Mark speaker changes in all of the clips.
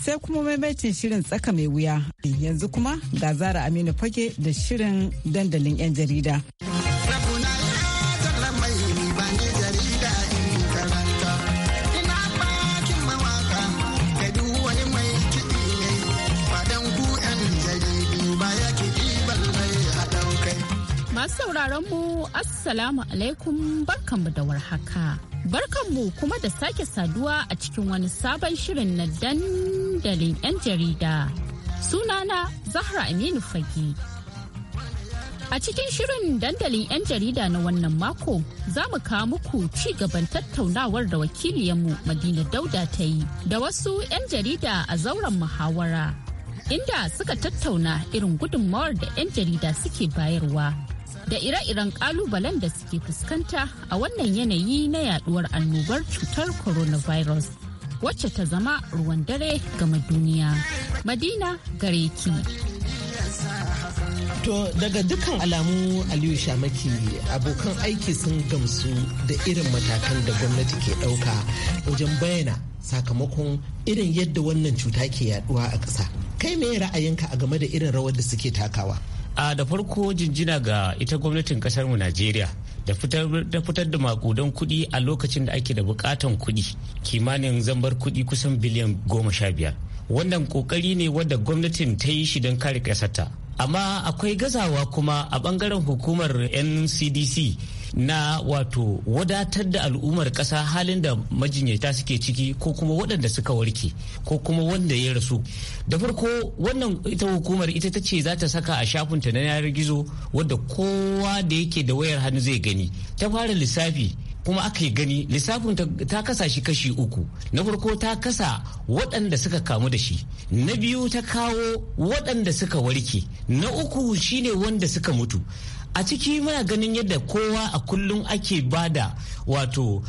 Speaker 1: sai kuma maimaitin shirin tsaka mai wuya yanzu kuma ga zara aminu fage da shirin dandalin 'yan jarida
Speaker 2: Masu sauraron mu Assalamu alaikum barkanmu da warhaka. Barkanmu kuma da sake saduwa a cikin wani sabon shirin na dandalin 'yan jarida. Sunana Zahra Aminu Fage. A cikin shirin dandalin 'yan jarida na wannan mako za mu kawo muku ci gaban tattaunawar da wakiliyanmu Madina Dauda ta yi da wasu 'yan jarida a zauren muhawara. Inda suka tattauna irin gudunmawar da 'yan jarida suke bayarwa da ire-iren kalubalen da suke fuskanta a wannan yanayi na yaduwar annobar cutar coronavirus wacce ta zama ruwan dare gama duniya madina gare ki To daga dukkan alamu Aliyu Shamaki
Speaker 3: abokan aiki sun gamsu da irin matakan da gwamnati ke ɗauka wajen bayyana sakamakon irin yadda wannan cuta ke yaduwa a ƙasa. Kai me ra'ayinka a game da irin rawar da suke takawa?
Speaker 4: a da farko jinjina ga ita gwamnatin kasarmu najeriya da fitar da makudan kuɗi a lokacin da ake da bukatan kuɗi kimanin zambar kuɗi kusan biliyan goma sha biyar wannan kokari ne wadda gwamnatin ta yi shi don kare ƙasarta amma akwai gazawa kuma a bangaren hukumar ncdc na wato wadatar da al'ummar ƙasa halin da majinyata suke ciki ko kuma waɗanda suka warke ko kuma wanda ya rasu da farko wannan ita hukumar ita ta ce za ta saka a shafinta na yanar gizo wadda kowa da yake da wayar hannu zai gani ta fara lissafi kuma aka yi gani lissafin ta kasa shi kashi uku na farko ta kasa waɗanda suka kamu da shi na biyu ta kawo waɗanda suka warke na uku shine wanda suka mutu a ciki muna ganin yadda kowa a kullum ake bada wato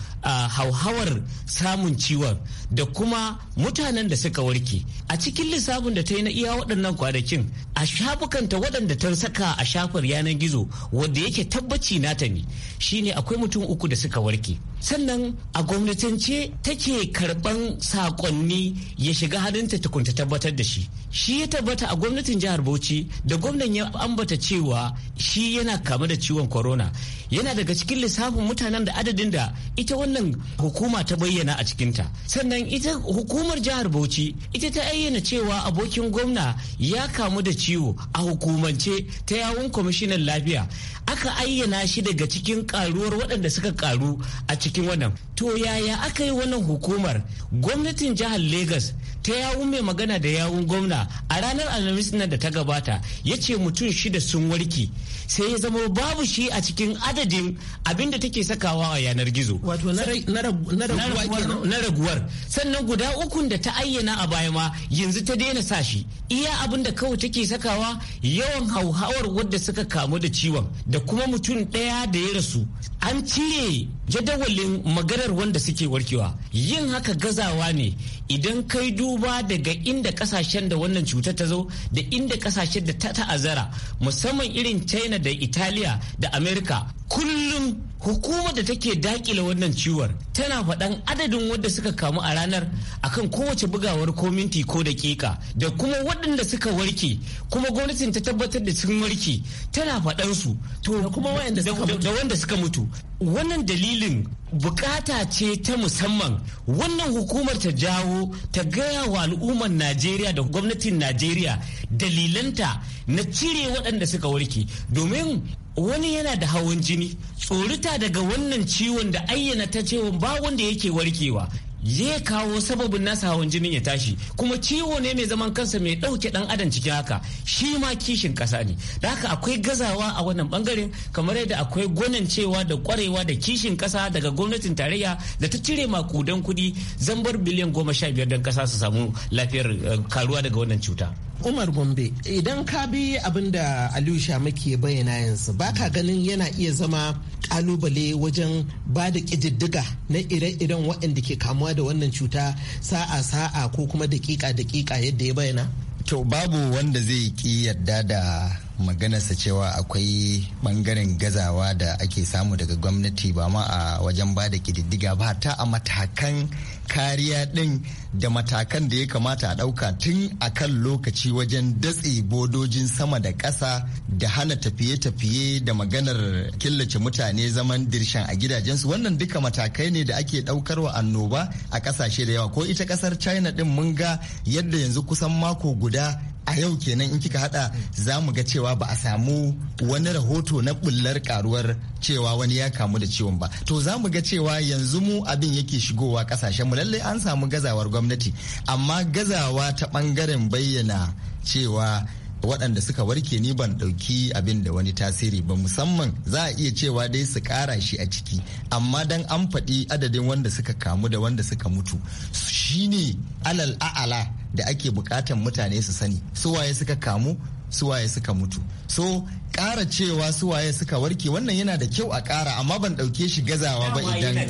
Speaker 4: hauhawar samun ciwon da kuma mutanen da suka warke a cikin lissafin da ta yi na iya waɗannan kwanakin a shafukanta waɗanda ta saka a shafar yanar gizo wanda yake tabbaci nata ne shine akwai mutum uku da suka warke sannan a gwamnatance take karɓan saƙonni ya shiga hannunta tukunta tabbatar da shi shi ya tabbata a gwamnatin jihar bauchi da gwamnan ya ambata cewa shi yana kama da ciwon corona yana daga cikin lissafin mutanen da adadin ka'idojin da ita wannan hukuma ta bayyana a cikinta sannan ita hukumar jihar bauchi ita ta ayyana cewa abokin gwamna ya kamu da ciwo a hukumance ta yawun kwamishinan lafiya aka ayyana shi daga cikin karuwar waɗanda suka karu a cikin wannan to yaya aka yi wannan hukumar gwamnatin jihar lagos ta yawun mai magana da yawun gwamna a ranar alhamis nan da ta gabata ya ce mutum shida sun warke sai ya zama babu shi a cikin adadin abinda da take sakawa a yanar gizo wato na raguwar sannan guda ukun da ta ayyana a baya ma yanzu ta daina sa shi iya abin da kawai take sakawa yawan hauhawar wadda suka kamu da ciwon da kuma mutum ɗaya da ya rasu an cire jadawalin maganar wanda suke warkewa yin haka gazawa ne idan kai duba daga inda kasashen da wannan cutar ta zo da inda kasashen da ta ta'azara musamman irin china da italiya da america kullum hukumar da take dakila wannan ciwon tana faɗan adadin wadda suka kamu a ranar akan kowace bugawar ko minti ko dakika da kuma wadda waɗanda suka warke kuma gwamnatin ta tabbatar da sun warke tana faɗar su to kuma da wanda suka mutu wannan dalilin bukata ce ta musamman wannan hukumar ta jawo ta gaya wa al'ummar najeriya da gwamnatin najeriya dalilanta na cire waɗanda suka warke domin wani yana da hawan jini tsorita daga wannan ciwon da ayyana ta cewa ba wanda yake warkewa zai kawo sababin nasa hawan jinin ya tashi kuma ciwo ne mai zaman kansa mai ɗauke ɗan adam ciki haka shi ma kishin ƙasa ne da haka akwai gazawa a wannan bangaren kamar yadda akwai cewa da kwarewa da kishin ƙasa daga gwamnatin tarayya da ta cire makudan kuɗi zambar biliyan goma sha biyar don kasa su samu lafiyar eh, karuwa daga wannan cuta.
Speaker 3: Umar Gombe idan ka bi abin da Aliyu shama ke bayyana yanzu baka ganin yana iya zama kalubale wajen ba da ƙididdiga na ire-iren waɗanda ke kamuwa da wannan cuta sa'a-sa'a ko kuma dakika-dakika yadda ya bayyana? To babu wanda
Speaker 5: zai ki yadda da maganarsa cewa akwai bangaren gazawa da ake samu daga gwamnati ba ma a wajen ba da kididdiga ba ta a matakan kariya ɗin da matakan da ya kamata a ɗauka tun a kan lokaci wajen datse bodojin sama da ƙasa da hana tafiye-tafiye da maganar killace mutane zaman dirshan a gidajensu wannan duka matakai ne da ake ɗaukarwa annoba a ƙasashe da yawa ko ita ƙasar china ɗin mun ga yadda yanzu kusan mako guda a yau kenan in kika hada za mu ga cewa ba a samu wani rahoto na bullar karuwar cewa wani ya kamu da ciwon ba to za mu ga cewa yanzu mu abin yake shigowa kasashen mu lallai an samu gazawar gwamnati amma gazawa ta bangaren bayyana cewa waɗanda suka warke ni ban ɗauki abin da wani tasiri ba musamman za a iya cewa dai su ƙara shi a ciki amma dan an faɗi adadin wanda suka kamu da wanda suka mutu shine alal a'ala da ake bukatan mutane su sani su waye suka kamu suwaye suka mutu so ƙara cewa su waye suka warke wannan yana da kyau a ƙara amma ban ɗauke shi gazawa ba idan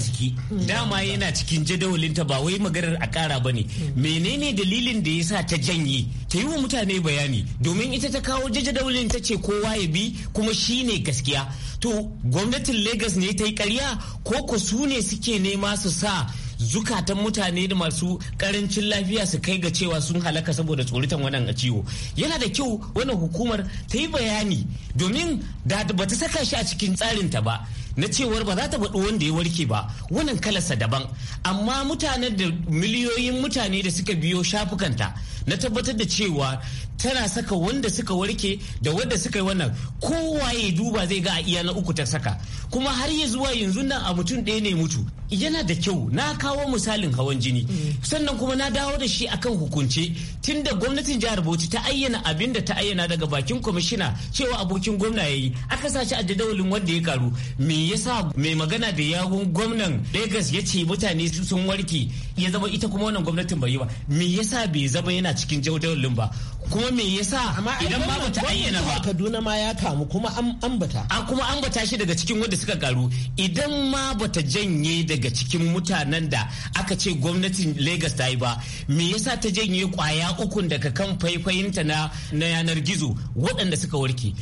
Speaker 4: dama yana cikin jadawalin ta ba wai maganar a ƙara ne menene dalilin da yasa ta janye ta yi wa mutane bayani domin ita ta kawo jadawalin ta ce kowa ya bi kuma shi ne gaskiya to gwamnatin Legas ne ta yi karya ko ku su ne suke nema su sa zukatan mutane da masu karancin lafiya su kai ga cewa sun halaka saboda tsoritan wannan ciwo yana da kyau wannan hukumar ta yi bayani domin da ba ta saka shi a cikin tsarinta ba na cewar ba za ta faɗi wanda ya warke ba wannan kalarsa daban amma mutanen da miliyoyin mutane da suka biyo shafukanta na tabbatar da cewa tana saka wanda suka warke da wanda suka yi wannan kowa ya duba zai ga a iya na uku ta saka kuma har ya zuwa yanzu nan a mutum ɗaya ne mutu yana da kyau na kawo misalin hawan jini mm. sannan kuma na dawo da shi akan hukunce tunda gwamnatin jihar bauchi ta ayyana abin da ta ayyana daga bakin kwamishina cewa abokin gwamna ya yi aka sa a jadawalin wanda ya karu me me yasa mai magana da yawun gwamnan legas ya ce mutane sun warke ya zama ita kuma wannan gwamnatin bai yi ba me yasa bai zama yana cikin jaudawalin ba kuma me yasa idan ma bata ayyana ba
Speaker 3: Kaduna ma ya kamu kuma an ambata
Speaker 4: a kuma ambata shi daga cikin wanda suka karu idan ma bata janye daga cikin mutanen da aka ce gwamnatin legas ta yi ba me yasa ta janye kwaya ukun daga kan faifayinta na na yanar gizo waɗanda suka warke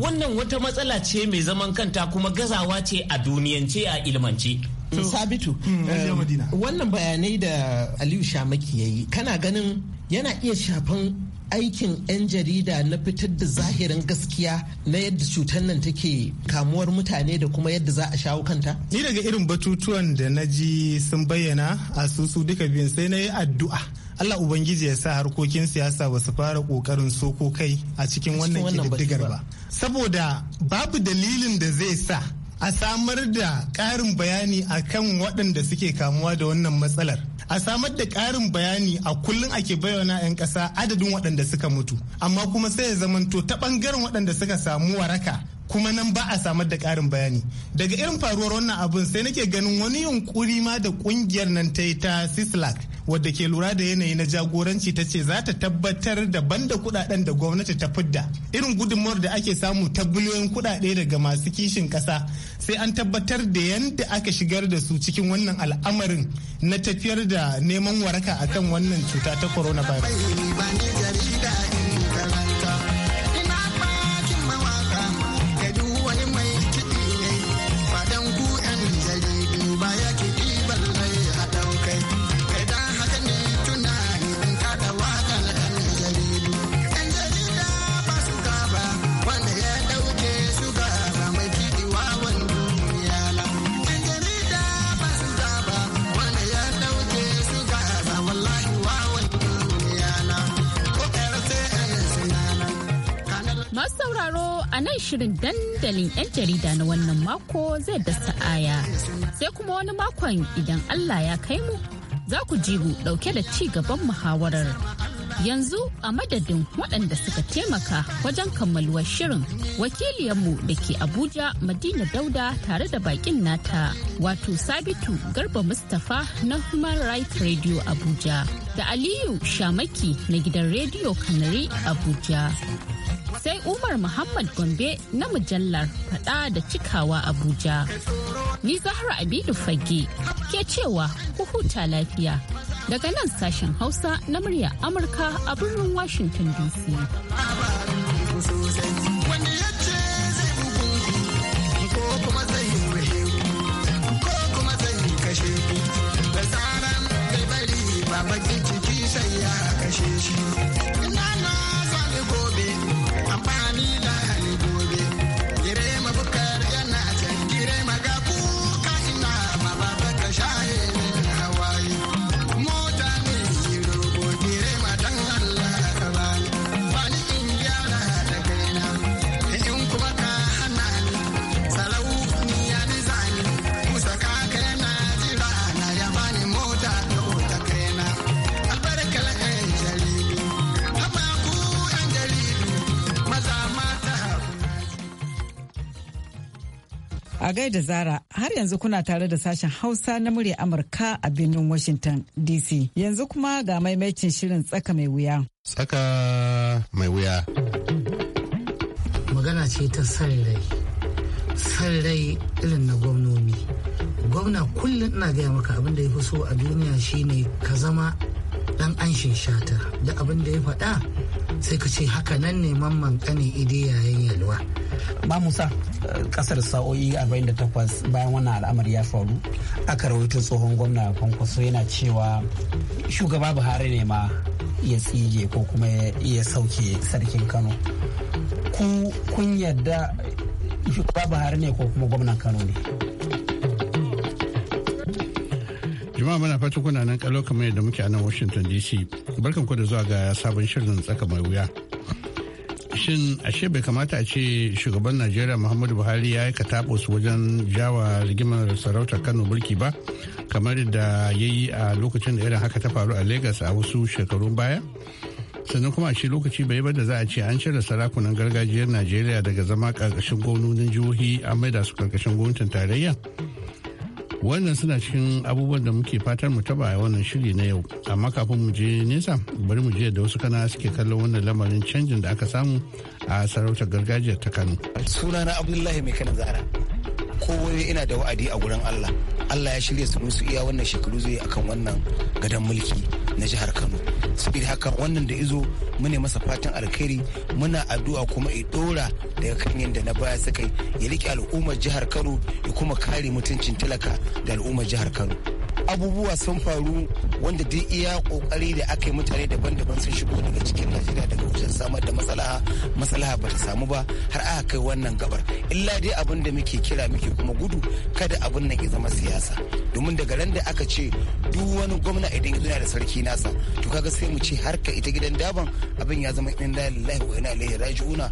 Speaker 4: wannan wata matsala ce mai zaman kanta kuma gazawa ce a duniyance a ilmance
Speaker 3: sabitu hmm, um, wannan bayanai da aliyu shamaki ya yi kana ganin yana iya shafan aikin 'yan jarida na fitar da zahirin gaskiya na yadda cutar nan take kamuwar mutane da
Speaker 6: kuma yadda za a shawo kanta? Ni daga irin batutuwan da na ji sun bayyana a susu duka biyun sai na yi addu'a. Allah Ubangiji ya sa harkokin siyasa ba su fara kokarin soko kai a cikin wannan kididdigar ba. Saboda babu dalilin da zai sa a samar da ƙarin bayani a kan waɗanda suke kamuwa da wannan matsalar. A samar da ƙarin bayani a kullum ake bayyana 'yan ƙasa adadin waɗanda suka mutu, amma kuma sai ya zamanto ta ɓangaren waɗanda suka samu waraka kuma nan ba a samar da karin bayani daga irin faruwar wannan abin sai nake ganin wani yunkuri ma da kungiyar nan ta yi ta sislak wadda ke lura da yanayi na jagoranci ta ce za ta tabbatar da banda kudaden da gwamnati ta fidda irin gudunmawar da ake samu ta biliyoyin kudade daga masu kishin kasa sai an tabbatar da yadda aka shigar da su cikin wannan al'amarin na tafiyar da neman waraka akan wannan cuta ta coronavirus.
Speaker 2: nan shirin dandalin 'yan jarida na wannan mako zai da Aya Sai kuma wani makon idan Allah ya kai mu za ku ji mu dauke da ci gaban muhawarar. Yanzu a madadin waɗanda suka taimaka wajen kammaluwar shirin wakiliyarmu da ke Abuja Madina Dauda tare da bakin nata wato Sabitu Garba Mustapha na Human Rights Radio Abuja. da Aliyu Shamaki na gidan Rediyo Kanari Abuja. Sai Umar Muhammad Gombe na mujallar fada da cikawa Abuja. Ni Zahra Abidu Fage ke cewa ku huta lafiya daga nan sashen Hausa na murya Amurka a birnin Washington DC.
Speaker 1: A gaida Zara, har yanzu kuna tare da sashen Hausa na murya Amurka a birnin Washington DC. Yanzu kuma ga maimacin shirin tsaka mai wuya.
Speaker 7: Tsaka mai wuya.
Speaker 1: Magana ce ta san rai.
Speaker 8: irin na gwamnoni. Gwamna kullum ina gaya maka abin da ya fi so a duniya shine ka zama dan anshin shata da abin da ya faɗa sai ka ce haka nan
Speaker 9: ne mamman kane ide yayin yalwa. ma musa eh, kasar sa'o'i 48 bayan wannan al'amari ya faru aka rawaito tsohon gwamna kwankwaso yana cewa shugaba buhari ne ma ya tsige ko kuma ya sauke sarkin kano ku kun yadda shugaba buhari ne ko kuma gwamnan kano
Speaker 7: ne jama'a muna fata kuna nan kalau kamar yadda muke a nan washington dc barkan ku da zuwa ga sabon shirin tsaka mai wuya shin ashe bai kamata a ce shugaban najeriya muhammadu buhari ya yi su wajen jawa rigimar sarautar kano mulki ba kamar da ya yi a lokacin da irin haka ta faru a Legas a wasu shekarun baya sannan kuma shi lokaci bai bada da za a ce an cire sarakunan gargajiyar najeriya daga zama karkashin gwamnonin jihohi an maida su karkashin gwamnatin tarayya wannan suna cikin abubuwan da muke fatar mu taba a wannan shiri na yau amma kafin mu je nesa bari mu je da wasu kana suke kallon wannan lamarin canjin da aka samu a sarautar gargajiya ta kano suna na abdullahi mai kana zara
Speaker 5: kowai ina da wa'adi a gurin allah allah ya shirya su musu iya wannan shekaru zai akan wannan gadon mulki na jihar kano da haka wannan da izo mune masa fatan alkhairi muna addu'a kuma i dora daga kan yadda na baya suka ya rike al'ummar jihar kano ya kuma kare mutuncin talaka da al'ummar jihar kano abubuwa sun faru wanda duk iya kokari da aka yi mutane daban-daban sun shigo daga cikin najeriya daga wajen samar da maslaha maslaha ba ta samu ba har aka kai wannan gabar illa dai abin da muke kira muke kuma gudu kada abin nan ya zama siyasa domin daga ran da aka ce duk wani gwamna idan yana da sarki nasa to kaga sai mu ce harka ita gidan daban abin ya zama inda lillahi wa inna
Speaker 7: ilaihi raji'una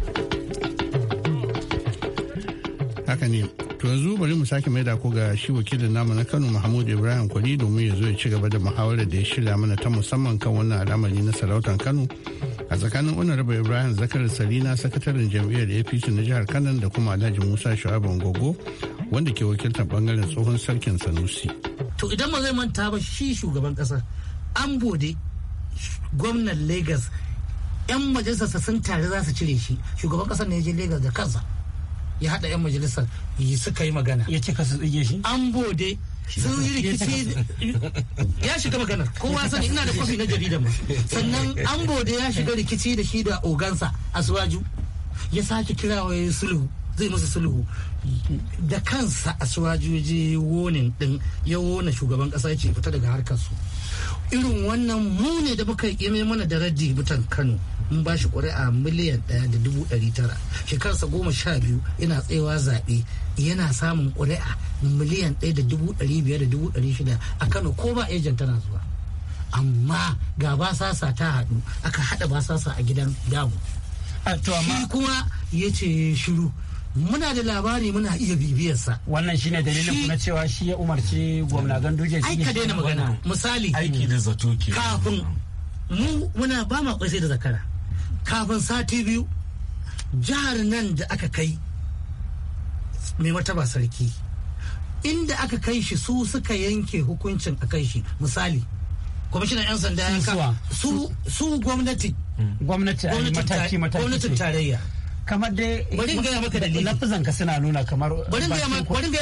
Speaker 7: haka ne to yanzu bari mu sake maida ko ga shi wakilin namu na Kano Mahmud Ibrahim Kwari domin ya zo ya ci gaba da muhawarar da ya shirya mana ta musamman kan wannan al'amari na sarautar Kano a tsakanin honorable ibrahim zakar salina sakataren jam'iyyar apc na jihar kano da kuma alhaji musa shu'aban gogo wanda ke wakiltar bangaren tsohon sarkin sanusi
Speaker 8: to idan ba zai manta ba shi shugaban kasa an bode gwamnan lagos yan majalisarsa sun tare za su cire shi shugaban kasar ne ya je lagos da kansa ya hada yan majalisar yi suka yi magana ya ce kasa tsige shi an bode sun yi rikici ya shiga magana kowa sani ina da kwafi na jarida ma sannan an bode ya shiga rikici da shi da ogansa a suwaju ya sake kirawa ya sulhu zai masa sulhu da kansa a suwajoji wonin din ya wona shugaban kasa ya ce fita daga harkar su irin wannan mu ne da muka yi mana da raddi mutan kano mun ba shi ƙuri'a miliyan ɗaya da dubu ɗari tara shekarsa goma sha biyu yana tsayawa zaɓe yana samun ƙuri'a miliyan ɗaya da dubu ɗari biyar da dubu ɗari shida a kano ko ba ejan tana zuwa amma ga basasa ta haɗu aka haɗa basasa a gidan damu shi kuma ya ce shiru muna da labari muna iya bibiyarsa.
Speaker 9: Wannan shine dalilin kuma cewa shi ya umarci gwamna ganduje shi ka daina magana misali aiki da zato ke kafin mu muna ba ma kwai da zakara kafin sati biyu
Speaker 8: jihar nan da aka kai mai mataba sarki inda aka kai shi su suka yanke hukuncin a kai shi misali
Speaker 9: kwamishinan 'yan sanda ya su gwamnati gwamnatin tarayya kamar dai gaya dalili lafizan ka suna nuna kamar bari gaya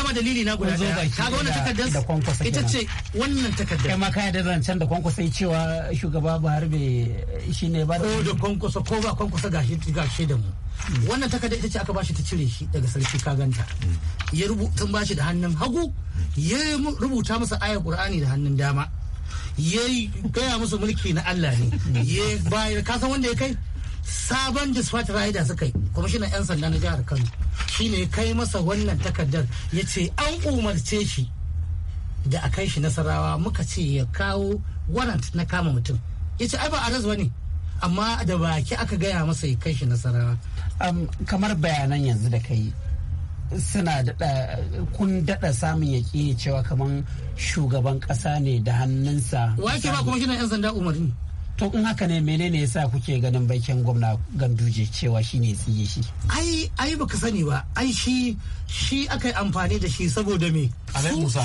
Speaker 9: maka dalili na guda daya kaga wannan takardar da kwankwasa ita ce wannan takardar kai ma kai da zancen da kwankwasa cewa shugaba Buhari bai shine ba ko da kwankwasa ko ba kwankwasa gashi gashi da mu hmm.
Speaker 8: wannan takardar ita ce aka bashi ta cire shi daga sarki ka ganta. Hmm. ya rubuta bashi da hannun hagu hmm. ya rubuta masa ayar Qur'ani da hannun dama ya gaya musu mulki na Allah ne ya bayar kasan wanda ya kai sabon dispatch rider suka yi kwamishinan 'yan sanda na jihar kano shine ya kai masa wannan takardar ya ce an umarce shi da a kai shi nasarawa muka ce ya kawo warrant na kama mutum ya ce ai ba aras ba ne amma da baki aka gaya masa ya kai shi
Speaker 9: nasarawa kamar bayanan yanzu da kai suna dada kun dada samun yaƙi cewa kamar shugaban ƙasa ne da hannunsa. ke ba kuma shi 'yan sanda umarni. to in haka ne menene yasa kuke ganin bakin gwamna ganduje cewa shi ne tsige shi ai ai baka sani ba ai shi shi aka yi amfani da shi
Speaker 8: saboda me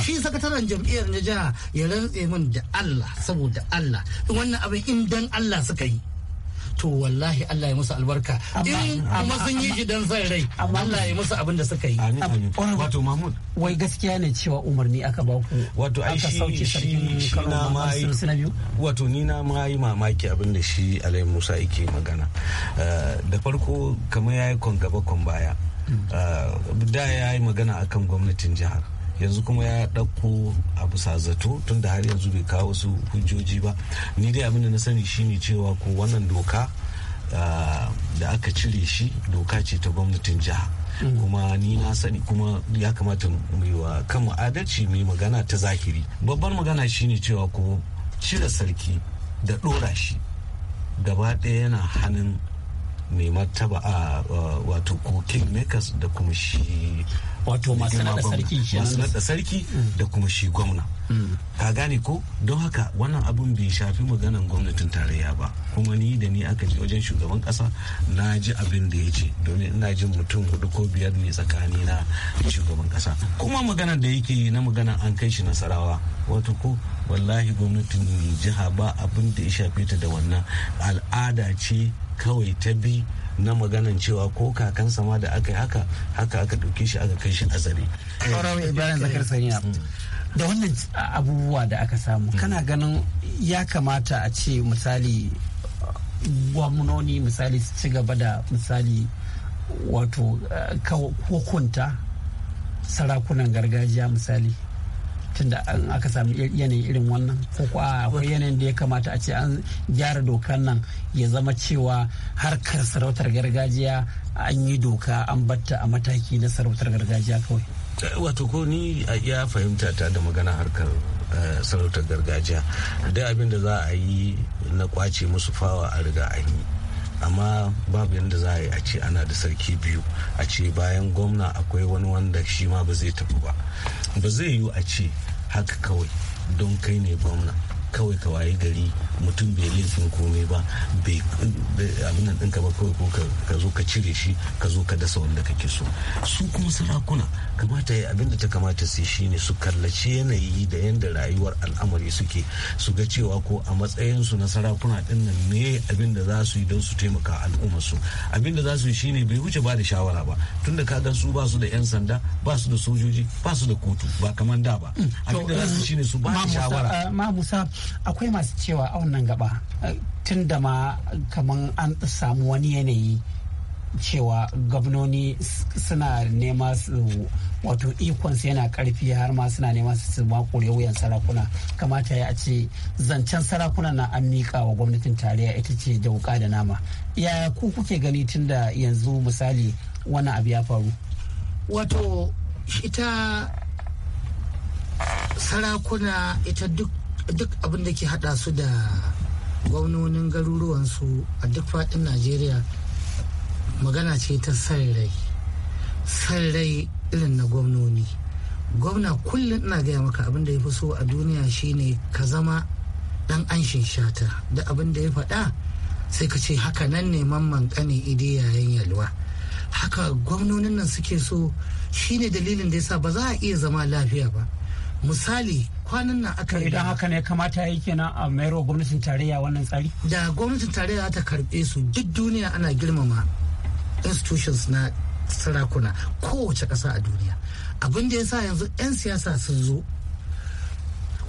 Speaker 8: shi sakataren jam'iyyar na jiha ya rantse min da Allah saboda Allah wannan abin in dan Allah suka yi to wallahi Allah ya musu albarka in kuma sun yi shi dan zan rai Allah ya
Speaker 9: musu abin da suka yi wato Mahmud wai gaskiya ne cewa umarni aka ba ku wato ai shi shi na mai
Speaker 10: wato ni na ma yi mamaki abin da shi Alai Musa yake magana eh, da farko kamar yayi kon gaba kon baya hmm. eh, da yayi magana akan gwamnatin jihar yanzu kuma ya ɗauko a bisa zato tun da har yanzu bai kawo wasu hujjoji ba ni dai abin da na sani shine cewa ko wannan doka ah, da aka cire shi doka ce ta gwamnatin jiha mm. kuma ni na sani kuma ya kamata mu yi wa kan adalci mai magana ta zahiri babbar magana shine cewa ko cire sarki da ɗora shi gaba ɗaya yana hannun mai martaba a ah, ah, wato ko makers da kuma shi wato masu nada sarki masu nada sarki da kuma shi gwamna ka gane ko don haka wannan abun bai shafi maganan gwamnatin tarayya ba kuma ni da ni aka je wajen shugaban kasa na ji abin da ya ce domin ina jin mutum hudu ko biyar ne tsakani na shugaban kasa kuma maganan da yake na maganan an kai shi nasarawa wato ko wallahi gwamnatin jiha ba abin da ya shafe ta da wannan al'ada ce kawai ta bi na maganan cewa ko kakan sama da aka yi haka haka aka ɗauke shi aka kai shi azare. Mm.
Speaker 9: da wannan abubuwa da aka samu mm. kana ganin ya kamata a ce misali gwamnoni misali su ci gaba da misali wato eh, hukunta sarakunan gargajiya misali tun da aka samu yanayin irin wannan ko kuwa akwai yanayin da ya kamata a ce an gyara dokar nan ya zama cewa harkar sarautar gargajiya an yi doka an batta a mataki na sarautar gargajiya kawai
Speaker 10: eh, wato ko ni ya fahimta ta da magana harkar eh, sarautar gargajiya da abin da za a yi na kwace musu fawa a riga an yi amma babu yadda za a yi a ce ana da sarki biyu a ce bayan gwamna akwai wani wanda shi ma ba zai tafi ba ba zai yiwu a ce haka kawai don kai ne gwamna kawai ka waye gari mutum bai laifin komai ba bai abin nan ɗinka ba kawai ko ka zo ka cire shi ka zo ka dasa wanda kake so su kuma sarakuna kamata ya abinda ta kamata su shine su kallaci yanayi da yanda rayuwar al'amari suke su ga cewa ko a matsayin su na sarakuna ɗin nan me abinda za su yi don su taimaka al'umma su abinda za su yi shine bai wuce ba da shawara ba tunda ka ga su ba su da 'yan sanda ba su da sojoji ba su da kotu ba kamar da ba mm, abinda za su eh, shine su ba da shawara eh,
Speaker 9: ma musa akwai masu cewa nan gaba tun da ma kamar an samu wani yanayi cewa gwamnoni suna nema su wato ikonsu yana karfi har ma suna nema su makure wuyan sarakuna kamata ya ce zancen sarakuna na an miƙa wa gwamnatin tarayya ita ce da wuka da nama yaya ku kuke gani tun da yanzu misali wani abu ya faru
Speaker 8: wato ita sarakuna ita duk duk abin da ke hada su da gwamnonin garuruwansu a duk faɗin najeriya magana ce ta san rai san rai irin na gwamnoni gwamna kullum ina gaya maka abin da ya fi so a duniya shine ka zama dan an shata da abin da ya faɗa sai ka ce haka nan ne mamman kane idi yayin yalwa haka gwamnonin nan suke so shine dalilin da ya sa ba za a iya zama lafiya ba misali kwanan nan aka idan haka ne kamata yi kenan a mayarwa gwamnatin tarayya wannan tsari da gwamnatin tarayya ta karbe su duk duniya ana girmama institutions na sarakuna kowace ƙasa a duniya abin da ya sa yanzu 'yan siyasa sun zo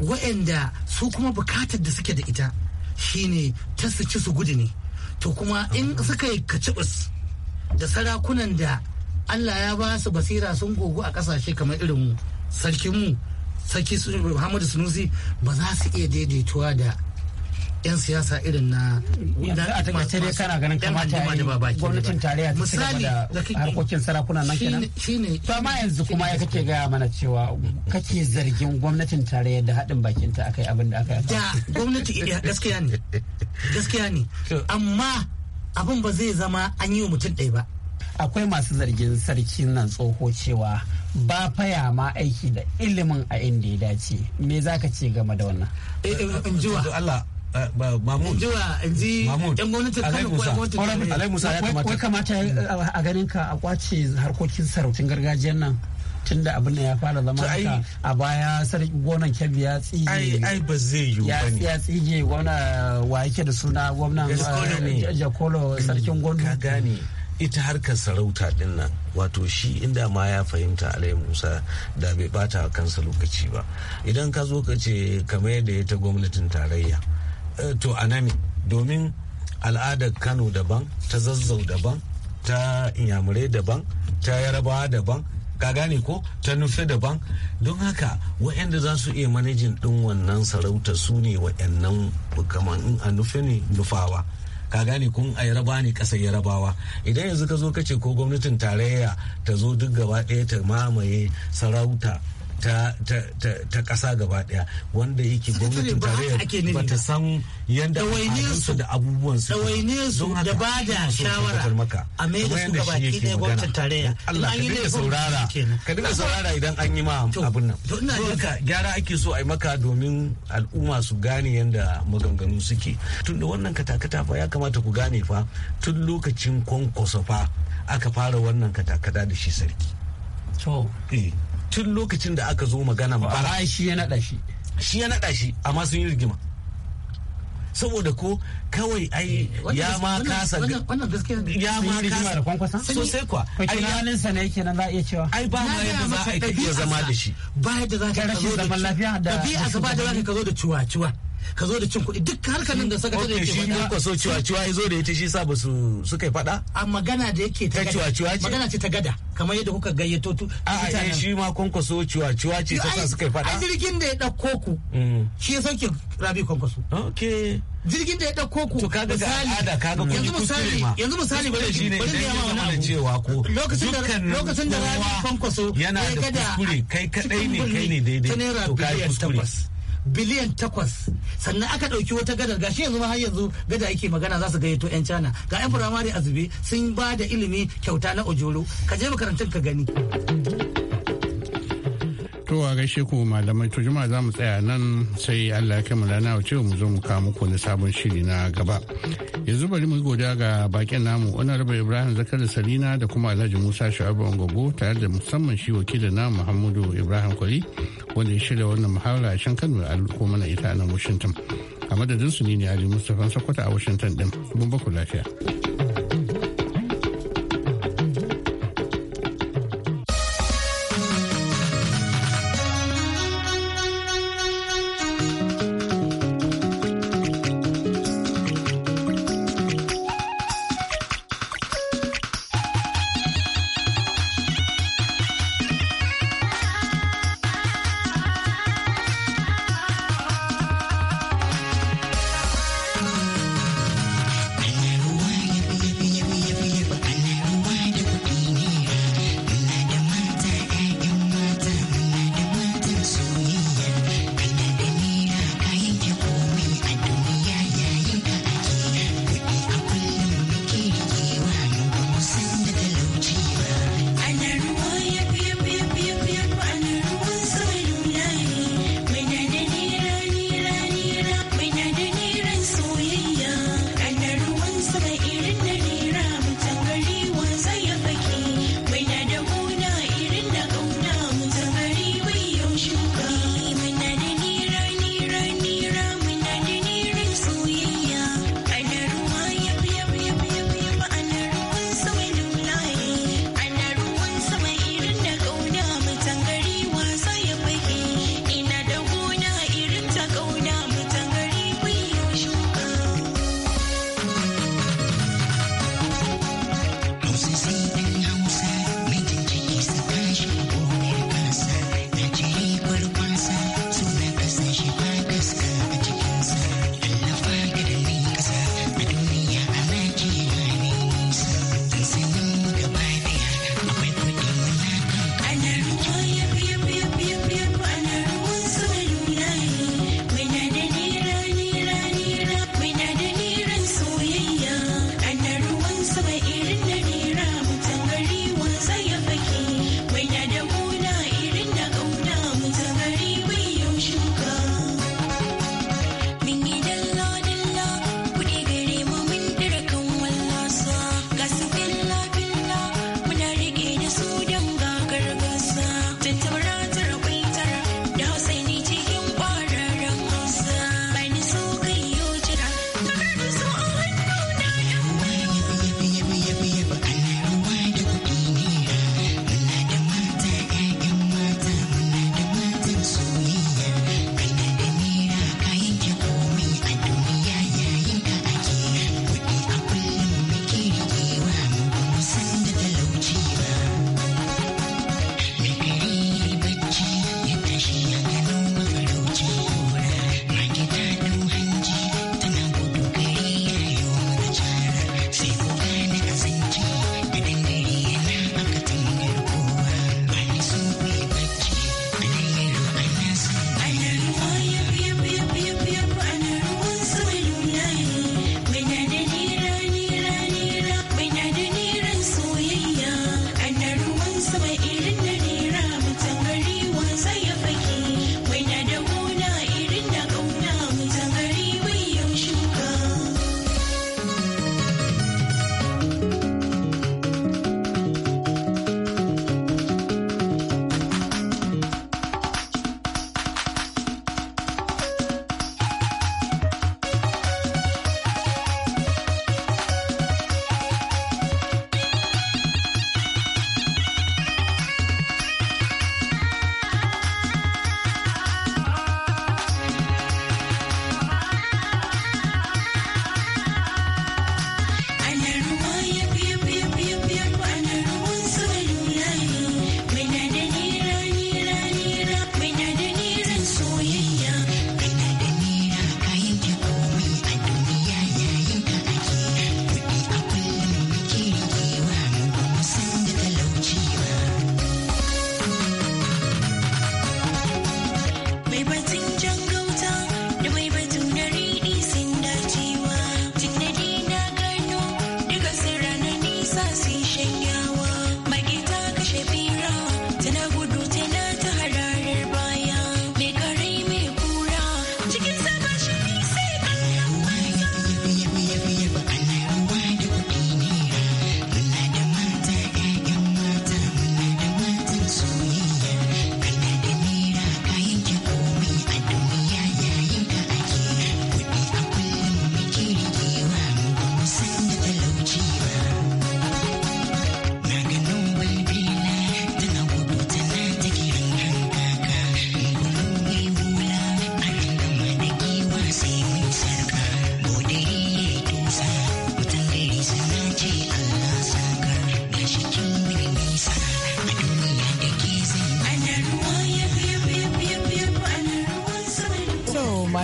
Speaker 8: wa'anda su kuma bukatar da suke da ita shine ta su ci su gudu ne to kuma in suka yi kacibus da sarakunan da allah ya ba su basira sun gogu a ƙasashe kamar irin sarkinmu sarki muhammadu sunusi ba za su iya daidaituwa da 'yan siyasa irin na a takaice dai kana ganin kamata yi gwamnatin tarayya ta cigaba da harkokin sarakuna nan kenan
Speaker 9: to amma yanzu kuma ya kake gaya mana cewa kake zargin gwamnatin tarayya da haɗin bakin ta akai abin da aka yi da gwamnati gaskiya ne gaskiya ne amma abin ba zai zama an yi wa mutum ɗaya ba akwai masu zargin sarkin nan tsoho cewa ba faya ma aiki da ilimin a inda ya dace me za ka ce game da wannan eh, eh, in wa Allah
Speaker 10: eh, Mamun. Jiwa ji yan gwamnatin Kano ko gwamnatin Alai Musa ya kamata. Wai kamata
Speaker 9: a ganin ka a kwace harkokin sarautun gargajiyar nan. tun da abin da ya fara zama ka a baya sarki gonan kebbi ya tsige ai ya tsige gwamna wa yake da suna gwamnan jakolo sarkin gondo gane
Speaker 10: ita harkar sarauta din wato shi inda ma ya fahimta alai musa da bai bata kansa lokaci ba idan ka zo ka ce kamar yadda ya ta gwamnatin tarayya eh, to a anami domin al'adar kano daban ta zazzau daban ta inyamurai daban ta yarabawa daban ka gane ko ta nufe daban don haka waɗanda za su iya manajin ɗin wannan sarauta su ne waɗannan kamar in a nufe ne nufawa ka gane kun a yaraba ne kasar yarabawa idan yanzu ka zo ka ce ko gwamnatin tarayya ta zo duk gaba ɗaya ta mamaye sarauta ta ta ta ta kasa gaba daya wanda yake gwamnatin tarayya ba ta san yanda su da abubuwan su su da ba da shawara a mai da su gaba ki da gwamnatin tarayya Allah ka dinga saurara ka dinga saurara idan an yi ma abun nan haka gyara ake so a yi maka domin al'umma su gane yanda maganganu suke tun da wannan katakata fa ya kamata ku gane fa tun lokacin kwankwaso fa aka fara wannan katakata da shi sarki. Eh. tun lokacin da aka zo magana bara shi ya naɗa shi shi ya naɗa shi amma sun yi rigima
Speaker 9: saboda ko kawai ai eh, ya ma kasa ya ma kasa sosai kwa ai ranar sa ne yake nan za iya cewa ai ba ma yadda za a iya zama da shi ba yadda za ka zo da lafiya da bi a gaba da za ka zo da ciwa ciwa ka zo da cin kuɗi
Speaker 8: duk harkar nan da sakatare yake faɗa. Shi ne kwaso ciwa ya zo
Speaker 10: da ita shi sa ba su suka yi faɗa.
Speaker 8: A magana da yake ta gada. Ta ce. Magana ce
Speaker 10: ta gada kamar yadda kuka gayyato tu. A a shi ma kwankwaso ciwa-ciwa ce ta sa suka yi faɗa. A
Speaker 8: jirgin da ya ɗauko ku. Mm. Shi ya sauke rabi kwankwaso. Ok. jirgin da ya ɗauko ku to kaga ga al'ada kaga kun yanzu ma. yanzu misali bari shi ne bari ya ma wani
Speaker 10: cewa ko lokacin da lokacin da rani
Speaker 8: kwankwaso yana da kuskure kai kaɗai ne kai ne daidai to kai kuskure biliyan takwas sannan aka ɗauki wata gadar gashi yanzu har yanzu gada yake magana za su gayyato 'yan cana ga 'yan firamare azube sun ba da ilimi kyauta na ojoro ka je makarantar ka gani.
Speaker 7: To a gaishe ku malamai to juma'a za mu tsaya nan sai Allah ya kai mu lana wace mu zo mu kawo muku na sabon shiri na gaba. Yanzu bari mu godiya ga bakin namu Honorable Ibrahim Zakar Salina da kuma Alhaji Musa Shu'abu Angogo tare da musamman shi wakilin na Muhammadu Ibrahim Kwali wanda ya shirya wannan muhawara a can Kano da mana ita a nan Washington. A madadin su ne Ali Mustapha Sokoto a Washington din. Mun ba ku lafiya.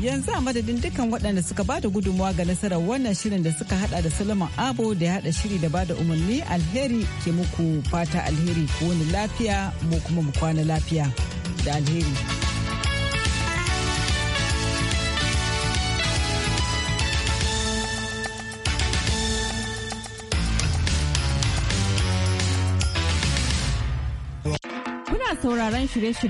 Speaker 1: yanzu a madadin dukkan waɗanda suka ba da gudunmawa ga nasarar wannan shirin da suka hada da salaman Abo da ya hada shiri da ba da umarni alheri ke muku fata alheri ko wani lafiya mu kuma mu kwana lafiya da alheri.
Speaker 2: sauraron shirye-shirye